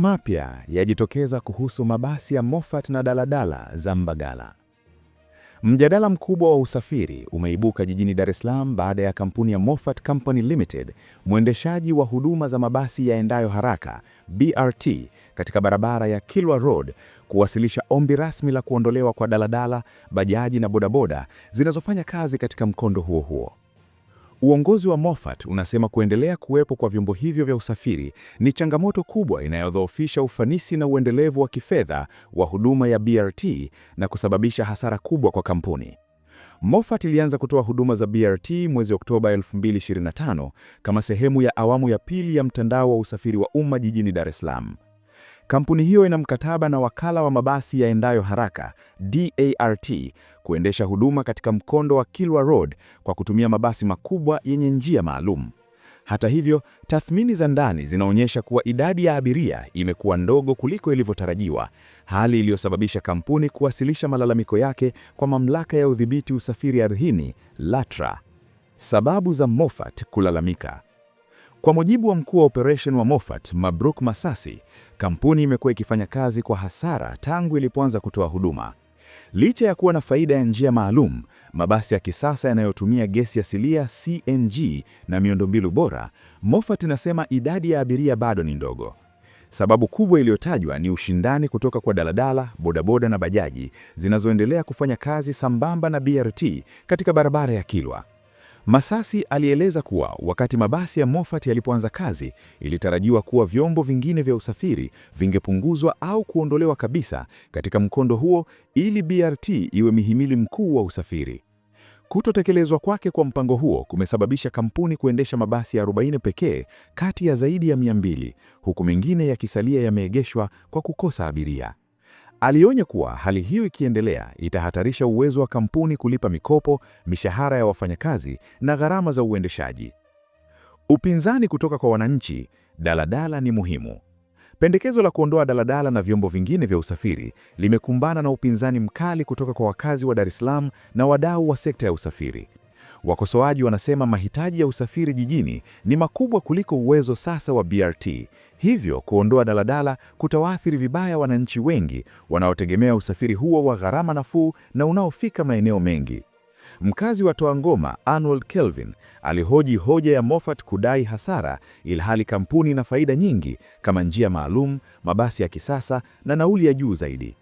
mapya yajitokeza kuhusu mabasi ya Moffat na daladala za Mbagala. Mjadala mkubwa wa usafiri umeibuka jijini Dar es Salaam baada ya kampuni ya Moffat Company Limited, mwendeshaji wa huduma za mabasi yaendayo haraka BRT katika barabara ya Kilwa Road, kuwasilisha ombi rasmi la kuondolewa kwa daladala, bajaji na bodaboda zinazofanya kazi katika mkondo huo huo. Uongozi wa Moffat unasema kuendelea kuwepo kwa vyombo hivyo vya usafiri ni changamoto kubwa inayodhoofisha ufanisi na uendelevu wa kifedha wa huduma ya BRT na kusababisha hasara kubwa kwa kampuni. Moffat ilianza kutoa huduma za BRT mwezi Oktoba 2025 kama sehemu ya awamu ya pili ya mtandao wa usafiri wa umma jijini Dar es Salaam. Kampuni hiyo ina mkataba na wakala wa mabasi yaendayo haraka DART kuendesha huduma katika mkondo wa Kilwa Road kwa kutumia mabasi makubwa yenye njia maalum. Hata hivyo, tathmini za ndani zinaonyesha kuwa idadi ya abiria imekuwa ndogo kuliko ilivyotarajiwa, hali iliyosababisha kampuni kuwasilisha malalamiko yake kwa Mamlaka ya Udhibiti Usafiri Ardhini, LATRA. Sababu za Moffat kulalamika. Kwa mujibu wa mkuu wa operation wa Moffat, Mabruk Masasi, kampuni imekuwa ikifanya kazi kwa hasara tangu ilipoanza kutoa huduma. Licha ya kuwa na faida ya njia maalum, mabasi ya kisasa yanayotumia gesi asilia CNG na miundombinu bora, Moffat inasema idadi ya abiria bado ni ndogo. Sababu kubwa iliyotajwa ni ushindani kutoka kwa daladala, bodaboda na bajaji zinazoendelea kufanya kazi sambamba na BRT katika barabara ya Kilwa. Masasi alieleza kuwa wakati mabasi ya Moffat yalipoanza kazi, ilitarajiwa kuwa vyombo vingine vya usafiri vingepunguzwa au kuondolewa kabisa katika mkondo huo ili BRT iwe mihimili mkuu wa usafiri. Kutotekelezwa kwake kwa mpango huo kumesababisha kampuni kuendesha mabasi ya 40 pekee kati ya zaidi ya 200, huku mengine yakisalia yameegeshwa kwa kukosa abiria. Alionya kuwa hali hiyo ikiendelea itahatarisha uwezo wa kampuni kulipa mikopo, mishahara ya wafanyakazi na gharama za uendeshaji. Upinzani kutoka kwa wananchi, daladala ni muhimu. Pendekezo la kuondoa daladala na vyombo vingine vya usafiri limekumbana na upinzani mkali kutoka kwa wakazi wa Dar es Salaam na wadau wa sekta ya usafiri. Wakosoaji wanasema mahitaji ya usafiri jijini ni makubwa kuliko uwezo sasa wa BRT, hivyo kuondoa daladala kutawaathiri vibaya wananchi wengi wanaotegemea usafiri huo wa gharama nafuu na unaofika maeneo mengi. Mkazi wa Toa Ngoma, Arnold Kelvin, alihoji hoja ya Moffat kudai hasara ilhali kampuni na faida nyingi kama njia maalum, mabasi ya kisasa na nauli ya juu zaidi.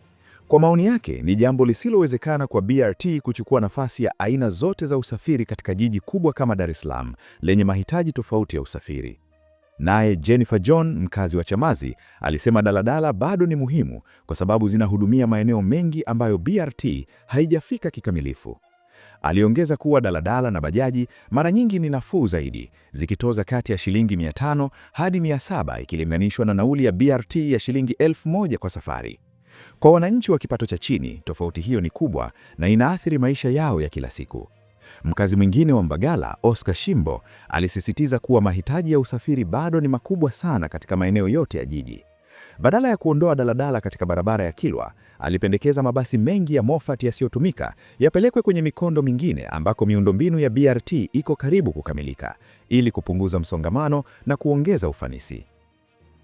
Kwa maoni yake, ni jambo lisilowezekana kwa BRT kuchukua nafasi ya aina zote za usafiri katika jiji kubwa kama Dar es Salaam lenye mahitaji tofauti ya usafiri. Naye Jennifer John, mkazi wa Chamazi, alisema daladala bado ni muhimu kwa sababu zinahudumia maeneo mengi ambayo BRT haijafika kikamilifu. Aliongeza kuwa daladala na bajaji mara nyingi ni nafuu zaidi, zikitoza kati ya shilingi 500 hadi 700 ikilinganishwa na nauli ya BRT ya shilingi 1000 kwa safari. Kwa wananchi wa kipato cha chini, tofauti hiyo ni kubwa na inaathiri maisha yao ya kila siku. Mkazi mwingine wa Mbagala, Oscar Shimbo, alisisitiza kuwa mahitaji ya usafiri bado ni makubwa sana katika maeneo yote ya jiji. Badala ya kuondoa daladala katika barabara ya Kilwa, alipendekeza mabasi mengi ya Moffat yasiyotumika yapelekwe kwenye mikondo mingine ambako miundombinu ya BRT iko karibu kukamilika ili kupunguza msongamano na kuongeza ufanisi.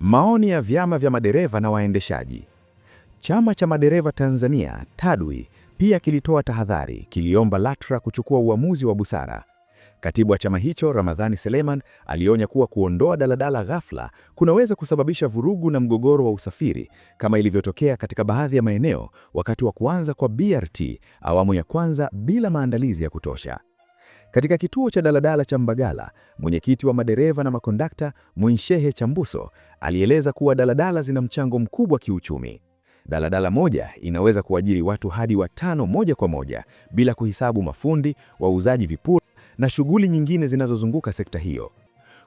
Maoni ya vyama vya madereva na waendeshaji. Chama cha madereva Tanzania TADWI pia kilitoa tahadhari, kiliomba LATRA kuchukua uamuzi wa busara. Katibu wa chama hicho Ramadhani Seleman alionya kuwa kuondoa daladala ghafla kunaweza kusababisha vurugu na mgogoro wa usafiri kama ilivyotokea katika baadhi ya maeneo wakati wa kuanza kwa BRT awamu ya kwanza bila maandalizi ya kutosha. Katika kituo cha daladala cha Mbagala, mwenyekiti wa madereva na makondakta Mwinshehe Chambuso alieleza kuwa daladala zina mchango mkubwa kiuchumi. Daladala moja inaweza kuajiri watu hadi watano moja kwa moja bila kuhesabu mafundi, wauzaji vipuri na shughuli nyingine zinazozunguka sekta hiyo.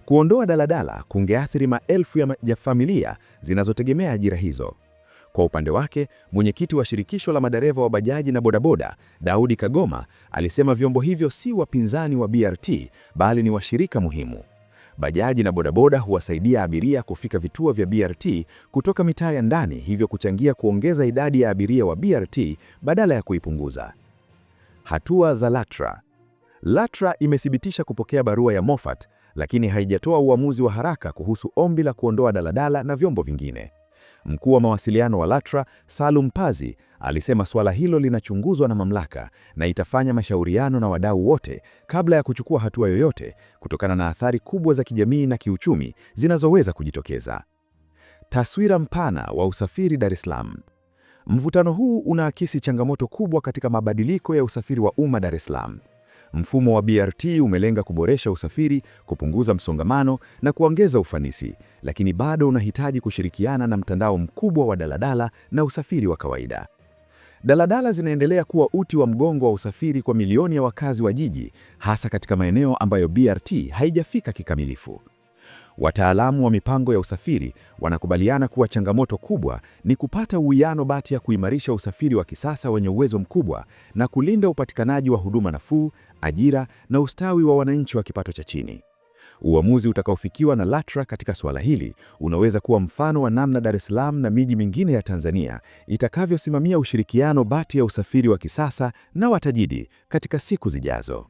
Kuondoa daladala kungeathiri maelfu ya, ma ya familia zinazotegemea ajira hizo. Kwa upande wake, mwenyekiti wa shirikisho la madereva wa bajaji na bodaboda, Daudi Kagoma, alisema vyombo hivyo si wapinzani wa BRT bali ni washirika muhimu. Bajaji na bodaboda huwasaidia abiria kufika vituo vya BRT kutoka mitaa ya ndani, hivyo kuchangia kuongeza idadi ya abiria wa BRT badala ya kuipunguza. Hatua za LATRA. LATRA imethibitisha kupokea barua ya Moffat, lakini haijatoa uamuzi wa haraka kuhusu ombi la kuondoa daladala na vyombo vingine. Mkuu wa mawasiliano wa LATRA, Salum Pazi, alisema suala hilo linachunguzwa na mamlaka na itafanya mashauriano na wadau wote kabla ya kuchukua hatua yoyote kutokana na athari kubwa za kijamii na kiuchumi zinazoweza kujitokeza. Taswira mpana wa usafiri Dar es Salaam. Mvutano huu unaakisi changamoto kubwa katika mabadiliko ya usafiri wa umma Dar es Salaam. Mfumo wa BRT umelenga kuboresha usafiri, kupunguza msongamano na kuongeza ufanisi, lakini bado unahitaji kushirikiana na mtandao mkubwa wa daladala na usafiri wa kawaida. Daladala zinaendelea kuwa uti wa mgongo wa usafiri kwa milioni ya wakazi wa jiji, hasa katika maeneo ambayo BRT haijafika kikamilifu. Wataalamu wa mipango ya usafiri wanakubaliana kuwa changamoto kubwa ni kupata uwiano bati ya kuimarisha usafiri wa kisasa wenye uwezo mkubwa na kulinda upatikanaji wa huduma nafuu, ajira na ustawi wa wananchi wa kipato cha chini. Uamuzi utakaofikiwa na LATRA katika suala hili unaweza kuwa mfano wa namna Dar es Salaam na miji mingine ya Tanzania itakavyosimamia ushirikiano bati ya usafiri wa kisasa na watajidi katika siku zijazo.